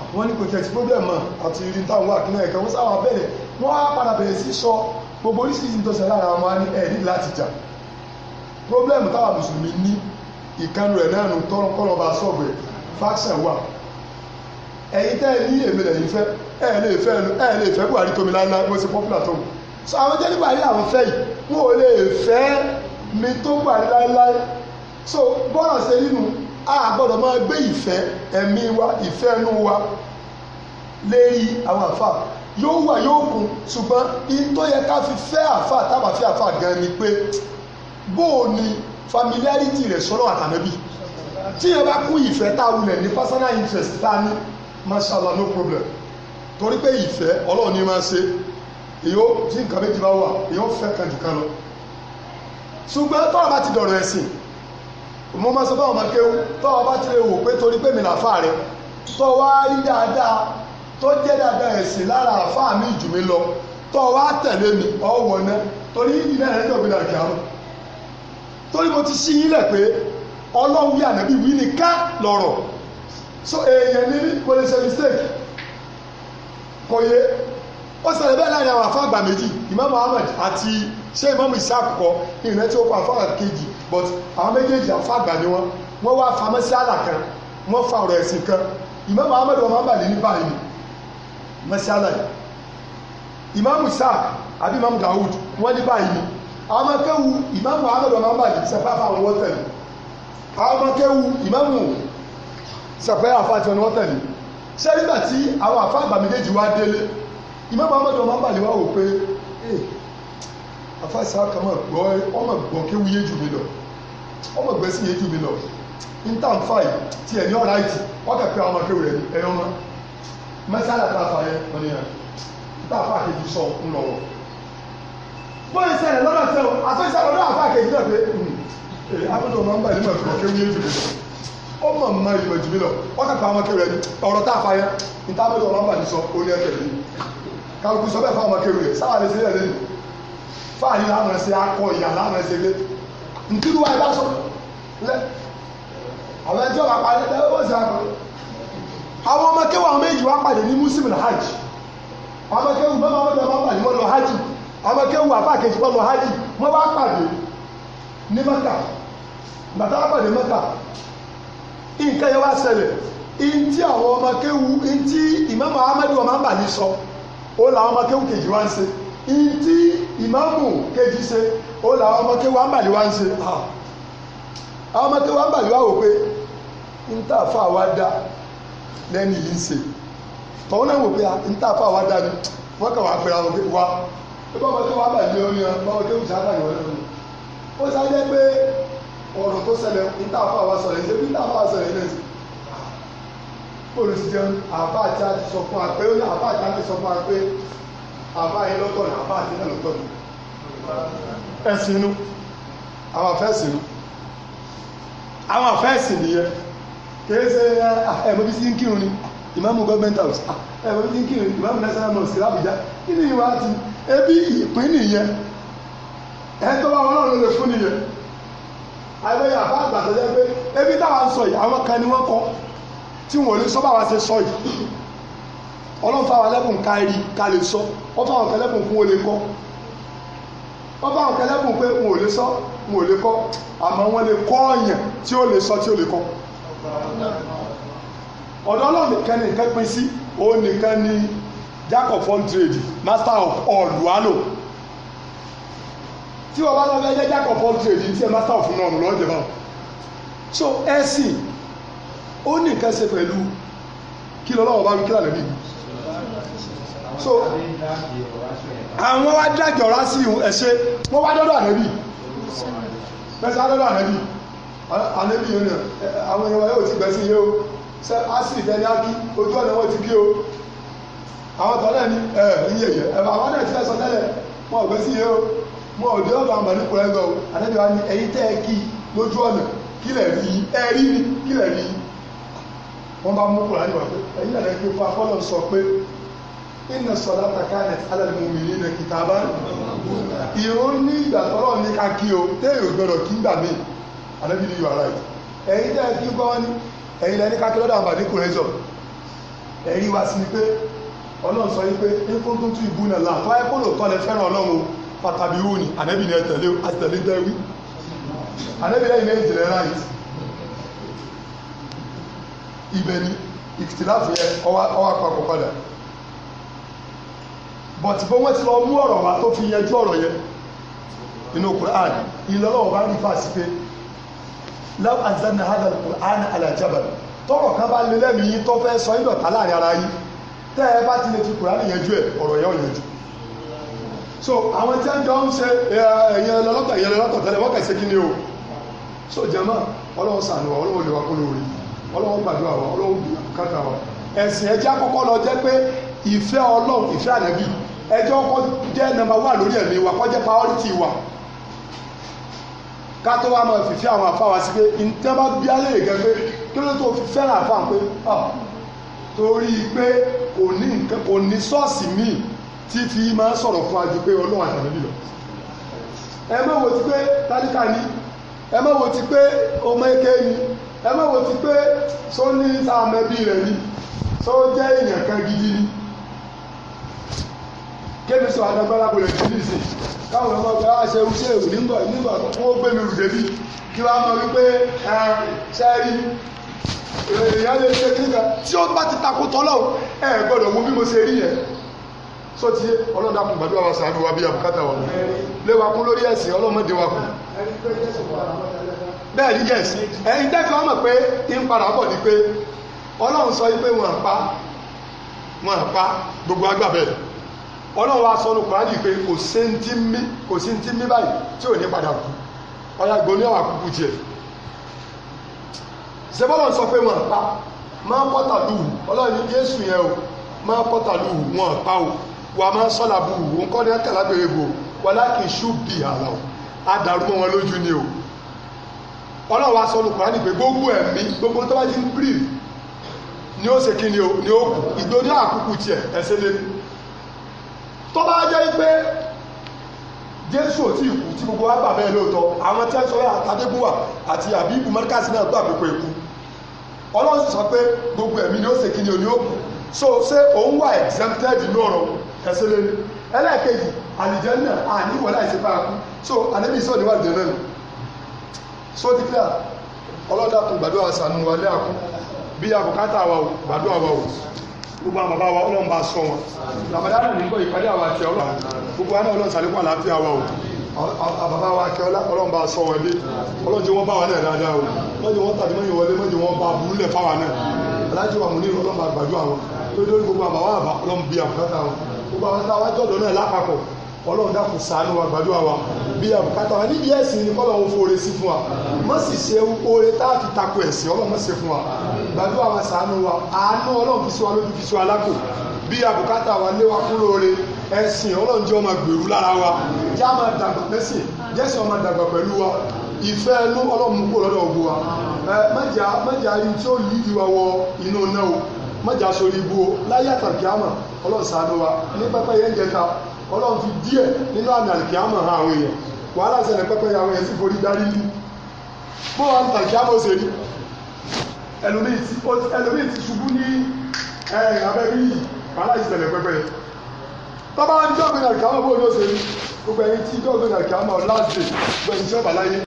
Speaker 1: àwọn ní kò tẹ̀sí problem mọ́ àti rí táwọn wà kíná ẹ̀ka wọ́n sáwọn abẹ́rẹ́ wọ́n á padà bẹ̀rẹ̀ sí sọ gbogbo oríṣiríṣi ìtọ́sẹ̀ lára wọn á ní ẹ̀rí láti jà problem táwọn mùsùlùmí ní ìkanu rẹ̀ náà nù tọ́lọ́kọ́lọ́ bá sọ̀gbẹ̀ faction wà ẹ̀yin tẹ́ ẹ ní èmi lẹ́yìn fẹ́ ẹ lè fẹ́ ẹ lè fẹ́ Buhari tómi lánàá bó ṣe popular tó so àwọn jẹ́ nígbà yìí àwọn fẹ́ yìí wọn ò lè fẹ́ mi tó Buhari láéláé so bọ́ọ̀rọ̀ ṣe nínú a gbọ́dọ̀ máa gbé ìfẹ́ ẹ̀mí wa ìfẹ́ ẹnu wa lérí àwọn àfa yóò wà yóò kún ṣùgbọ́n in tó yẹ ká fi fẹ́ àfa tábà fi àfa gan ni pé bó o ní familiarity rẹ̀ sọ́nà àtànẹ́bí tí yẹn bá kún ìfẹ́ tá a wulẹ̀ ní personal interest tá a ní mashallah no problem torí pé ìfẹ́ ọlọ́run ni máa ṣe èyó tí nǹkan méjì bá wà èyó fẹ́ kan jù kan lọ ṣùgbọ́n tọ́lá bá ti dọ̀rọ̀ ẹ̀sìn mo máa sọ fáwọn ọmọ kéwú tọ́wọ́ bá ti lè wò pé torí pé mi làáfà rẹ tọ́wọ́ á rí dáadáa tó jẹ́ dáadáa ẹ̀sìn lára àáfà mi jù mí lọ tọ́wọ́ á tẹ̀lé mi ọ̀wọ̀ náà torí yìí náà ẹ̀rẹ́ dọ̀gbìn àgbà rẹ torí mo ti ṣí yín lẹ̀ pé ọlọ́run yà nàbí wí ni ká lọ̀rọ̀ so èèyàn ní kò lè ṣe mistake kò yé ó ṣẹlẹ̀ bẹ́ẹ̀ láàrin àwọn àfáàgbà méjì ìmáàmù Ahmad àti ṣé ìmáàmù Isaac kọ ìrìnà tí ó kọ àfáàgbà kejì but àwọn méjèèjì àfàgbà ni wọ́n wọ́n wá fa mọ́sálà kan wọ́n fa ọ̀rọ̀ ẹ̀sìn kan ìmáàmù ahmed ọmọ àbàlẹ̀ ní báyìí mọ́sálà yìí ìmáàmù sáà àbí ìmáàmù dawud wọ́n ní báyìí àwọn ọmọ kéwu ìmáàmù ahmed ọmọ àbàlẹ̀ sẹ́fẹ́ àfàwọn wọ́n tẹ̀lé àwọn ọmọ kéwu ìmáàmù sẹ́fẹ́ àfàwọn wọ́n tẹ̀lé ṣé nígbà tí àwọn àfàgbà méjèèjì wá délé ìmáàmù ahmed ọmọ àbàlẹ̀ wá wò pé eh, àfàṣà kan mọ̀ gbọ́ ọmọ yé jù mí lọ ọmọ ìgbẹ́ sí yẹn jù mí lọ intern five tí ẹ̀ ní ọ̀ráìtì wọ́n kẹ̀ pé àwọn ọmọkéwò rẹ̀ ní ẹ̀yọ́ wọn mẹ́sàlá tá a fà yẹn wọ́n ní yàn tá a fà kejì sọ ń lọ wọn. bóyá ìṣẹ̀lẹ̀ lọ́dọ̀ tẹ o àtúnṣe lọ́dọ̀ àfà kejì náà pé abúlé ọmọ nbà yìí mọ̀ fún ọkẹ́ wíyé jù mí lọ ó mọ̀ mọ ìmọ̀ jù mí lọ wọ́n kẹ̀ pé àwọn ọmọkéwò rẹ̀ ní ọ̀rọ̀ tá a fà yẹn ní tá abúlé ọmọ nbà ní sọ ó ní ẹ̀ tẹ̀lé kálukú sọ bẹ́ẹ̀ fún ọmọkéwò rẹ̀ sáwà lè ṣe nkiri wa ẹba so lẹ àwọn ẹjọ wà pàdé ẹ ó sì àpàdé àwọn ọmọ kéwà àwọn méjì wà pàdé ní muslim hajj àwọn ọmọ kéwù bẹ́ẹ̀ máa ń lọ pàdé wọn lọ hajj àwọn ọmọ kéwù àfa kejì wọn lọ hajj wọn bá pàdé ní mẹ́ta bàtà wà pàdé mẹ́ta nǹkan yẹn wá ṣẹlẹ̀ ntí àwọn ọmọ kéwù ntí ìmáàmù ahmadu ọmọ àbàlí sọ ó làwọn ọmọ kéwù kejì wá ń ṣe ntí ìmáàmù kejì ṣe ó làwọn ọmọ tí wọ́n bàlí wá ń ṣe àwọn ọmọ tí wọ́n bàlí ah. wò pé ń tà fà wá dá lẹ́nu yìí ń ṣe tọ́wọ́n náà wò pé ń tà fà wá dá ni wọ́n kàn wá pera wọn pé wá ẹgbẹ́ ọmọ tí wọ́n bàlí orí wọn bá wọn kéwù sáà yọ̀ lẹ́nu ó sáré pé ọ̀rọ̀ tó ṣẹlẹ̀ ń tà sọ̀rọ̀ ń tà sọ̀rọ̀ ah. àbá àti àti sọ fún wa pé àbá àti àti sọ fún wa àbá yẹn lọ́tọ̀ àbá àti náà ẹ̀sìn inú àwọn afẹ́sìn inú àwọn afẹ́sìn nìyẹn kìí ṣe ẹ̀mọ́ bí sí ń kírun ni ìmáàmù gọ́ọ̀mẹ́ntì house ẹ̀mọ́ bí sí ń kírun ìmáàmù national mosque l'Àbújá kí ni ìwà ti ebi ìpín nìyẹn ẹ̀ tó bá wọn náà ló lè fún nìyẹn àìmọye àbá àgbà tó jẹ́ pé ebi táwa ń sọ yìí àwọn kan ni wọ́n kọ́ tí wọ́n lè sọ bá wa ṣe sọ yìí ọlọ́run fáwọn ẹlẹ́bùn ká rí ká lè sọ wọ́n fáwọn ẹlẹ́bùn kún ó lè kọ́ wọ́n bá àwọn kẹlẹ́bùn pé n ò lè sọ n ò lè kọ́ àmọ́ wọ́n lè kọ́ ọ̀yàn tí ó lè sọ tí ó lè kọ́ ọ̀dọ̀ ọlọ́run nìkan ni nǹkan pín sí òun nìkan ni jack of all trade master of all wàhálò tí wọ́n bá lọ́wọ́ ẹjẹ́ jack of all trade ní tí ẹ master of none lọ́ọ́ jẹ̀ so ẹ̀sìn ó ní nǹkan ṣe pẹ̀lú kí lọ́lọ́wọ́ bá wí kí lànà bí so àwọn wá drag ọ̀rá sí ẹ̀ṣẹ́ wọ́n wá dọ́dọ̀ ànẹ́bì pẹ̀sẹ̀ dọ́dọ̀ ànẹ́bì ànẹ́bì yìí nà àwọn èèyàn yóò ti gbẹ̀sí yìí o ṣe ásì ìtẹ́ni ákí ojú ọ̀nà wọn ti kí o àwọn tọ́lẹ̀ ní ẹ̀ iye yẹ ẹ̀ àwọn náà ti sọ tẹ́lẹ̀ wọn ò gbẹ̀sí yìí o wọn ò dé ọ̀dọ̀ àmọ̀ nípò ẹ̀ gan o ànẹ́bì wa ní ẹ̀yìn tẹ́ ẹ kí lójú ọ̀nà kílẹ̀ rí ẹ rí ni kílẹ̀ rí wọ́n bá mú kùránì wá pé ẹ̀yìn ànẹ́bì wa fọ́lọ́ sọ pé inna salata kanat ala al-mu'minina kitaban ìrun ní ìgbà tọ́lọ̀ ní ká kí o téèrè gbọ́dọ̀ kí gbà mí ànábì ni you are right ẹ̀yin tẹ́ ẹ kí gbọ́ ní ẹ̀yin lẹ́ni ká kí lọ́dọ̀ àwọn àdínkù rẹ̀ sọ ẹ̀rí wa sí ni pé ọlọ́run sọ yí pé ní kó tó tún ìbú náà láà tó ayé kó lóòótọ́ lẹ fẹ́ràn ọlọ́run pàtàkì wù ní ànábì ni ẹ tẹ̀lé o àti tẹ̀lé dẹ́wí ànábì lẹ́yìn lẹ́yìn tẹ̀lé right ibẹ̀ ni ìtìláfù yẹ ọwọ́ àpapọ̀ padà but bó wọ́n ti lọ mú ọ̀rọ̀ wá tó fi yanjú ọ̀rọ̀ yẹn inú Qur'an ìlọ́lọ́wọ́ bá rí fàṣí pé law anzalna hadha al-Qur'an ala jabal tọrọ kan bá lé lẹ́mìí yín tó fẹ́ sọ yín dọ̀tá láàrin ara yín tẹ́ ẹ bá ti lè fi Qur'an yanjú ẹ̀ ọ̀rọ̀ yẹn ò yanjú so àwọn tí wọ́n jọ ń ṣe ẹ̀yẹ lọ́lọ́tọ̀ ẹ̀yẹ lọ́lọ́tọ̀ tẹ́lẹ̀ wọ́n kẹ̀sẹ̀ kí ni o so jama ọlọ́wọ́ sànùwà ọlọ́wọ́ lè wà kó lóore ọlọ́wọ́ gbàdúrà wa ọlọ́wọ́ kàtà wa ẹ̀sìn ẹ̀jẹ̀ àkọ́kọ́ lọ jẹ́ pé ìfẹ́ ọlọ́run ìfẹ́ ànábì ẹjọ́ kọ́ jẹ́ nọ́mbà wà lórí ẹ̀mí wa kọ́ jẹ́ priority wa ká wa wá máa àwọn àfa wa sí pé ntẹ́ bá bí alẹ́ gẹ́ pé kí ló tó fi fẹ́ràn àfa pé ah, torí pé kò ní nǹkan kò ní sọ́ọ̀sì míì tí fi máa sọ̀rọ̀ fún ajú pé ọlọ́run àtàwọn ìlú lọ ẹ má wo ti pé tálíkà ni ẹ má wo ti pé ọmọ eke ni ẹ má wo ti pé sọ ní sáà rẹ ni sọ jẹ́ èèyàn kan gidi ni kéde sọ àdàgbára kò lè fi ní ìsìn káwọn ọmọ ọgbà àṣẹ iṣẹ ìwù nígbà nígbà wọn ó gbé mi rù débi kí wọn á mọ wípé sẹẹri èèyàn lè ṣe kíkà tí ó bá ti takò tọ́lọ́ ẹ gbọ́dọ̀ wo bí mo ṣe rí yẹn sọ ti yé ọlọ́dà kún gbàdúrà wa sàánú wa bí abùkátà wa lé wa kún lórí ẹ̀sìn ọlọ́mọdé wa kún bẹ́ẹ̀ ni yẹ̀sì ẹ̀yin tẹ́fẹ́ wọn mọ̀ pé ń padà bọ̀ ni pé ọlọ́run sọ pé wọn àpá wọn àpá gbogbo agbábẹ́ẹ̀ ọlọ́run wa sọnù kùránì pé kò sí ń tí mí kò sí ń tí mí báyìí tí ò ní padà kú ọ̀yà gbóni àwọn àkúkú tiẹ̀ sẹ́bọ́lọ̀ sọ pé wọ́n pa máa pọ́tà lùhù ọlọ́run Jésù yẹn o máa pọ́tà lùhù wọ́n pa o wà máa sọ́là buhù wọn kọ́ ní àtàlágbèrè bò wọ́n láàkì ṣú bì àlà o àdàrú mọ́ wọn lójú ni o ọlọ́run wa sọnù kùránì pé gbogbo ẹ̀mí gbogbo tó bá ti ń bírì ni ó ṣe kí ni o ni ó kù ìgbóni àkúkú tiẹ̀ ẹ̀sẹ̀ tó bá jẹ́ pé jésù tí tí gbogbo wa gbà bẹ́ẹ̀ lóòótọ́ àwọn tí wọ́n sọ yàrá tàdégúnwà àti àbíbù mọ́ríkàsì náà gbà sọ pé gbogbo ẹ̀mí ni so ṣé òun wà exempted lóòrọ̀ ẹ̀sẹ̀ lẹ́nu ẹlẹ́ẹ̀kejì àlìjẹ́ náà àníwọ̀ a so wà so ti ọlọ́dà kún gbàdúrà sànù àkú bí gbogbo àwọn bàbá wa ọlọ́run bá sọ wọn làbàdàrà nígbọ́ ìpàdé àwọn àti ọlọ́run gbogbo àwọn ọlọ́run sàlékún àlàáfíà wa o àbàbá wa kẹ ọlọ́run bá sọ wọn dé ọlọ́run jẹ́ wọ́n bá wa náà dáadáa o lọ́jọ́ wọn tàbí mọ́yìn wọlé mọ́jọ́ wọn bá burú lẹ̀ fáwa náà alájọ wa mú ní ọlọ́run bá gbàdúrà wọn tó dórí gbogbo àbàwà àbà ọlọ́run bí àbùkátà wọn gbogbo àwọn táwa ọlọ́run dàkún ṣàánú wa gbàdúrà wa bí abùkátà wa níbi ẹ̀sìn ni kọ́ lọ́run fòrè sí fún wa má sì ṣe oore tá a ẹ̀sìn ọlọ́run fún wa gbàdúrà wa ṣàánú wa àánú ọlọ́run fi sí wa fi bí wa lé dàgbà mẹ́sìn jẹ́sìn ọmọ dàgbà wa ìfẹ́ ẹnu ọlọ́run ọlọ́run fi díẹ̀ nínú àmì àlùkí àmọ̀ hàn àwọn èèyàn wàhálà ṣẹlẹ̀ pẹ́pẹ́ yà àwọn èèyàn sì forí darí ní bó wà ní àlùkí àmọ̀ ṣe rí ẹlòmíì ti ṣubú ní abẹ́rí yìí wàhálà yìí ṣẹlẹ̀ pẹ́pẹ́ tọ́ba ń jọ́ gbẹ̀dẹ̀ àlùkí àmọ̀ bó ló ṣe rí gbogbo ẹni tí jọ́ gbẹ̀dẹ̀ àlùkí àmọ̀ láti gbẹ̀yìn sí ọ̀bàláyé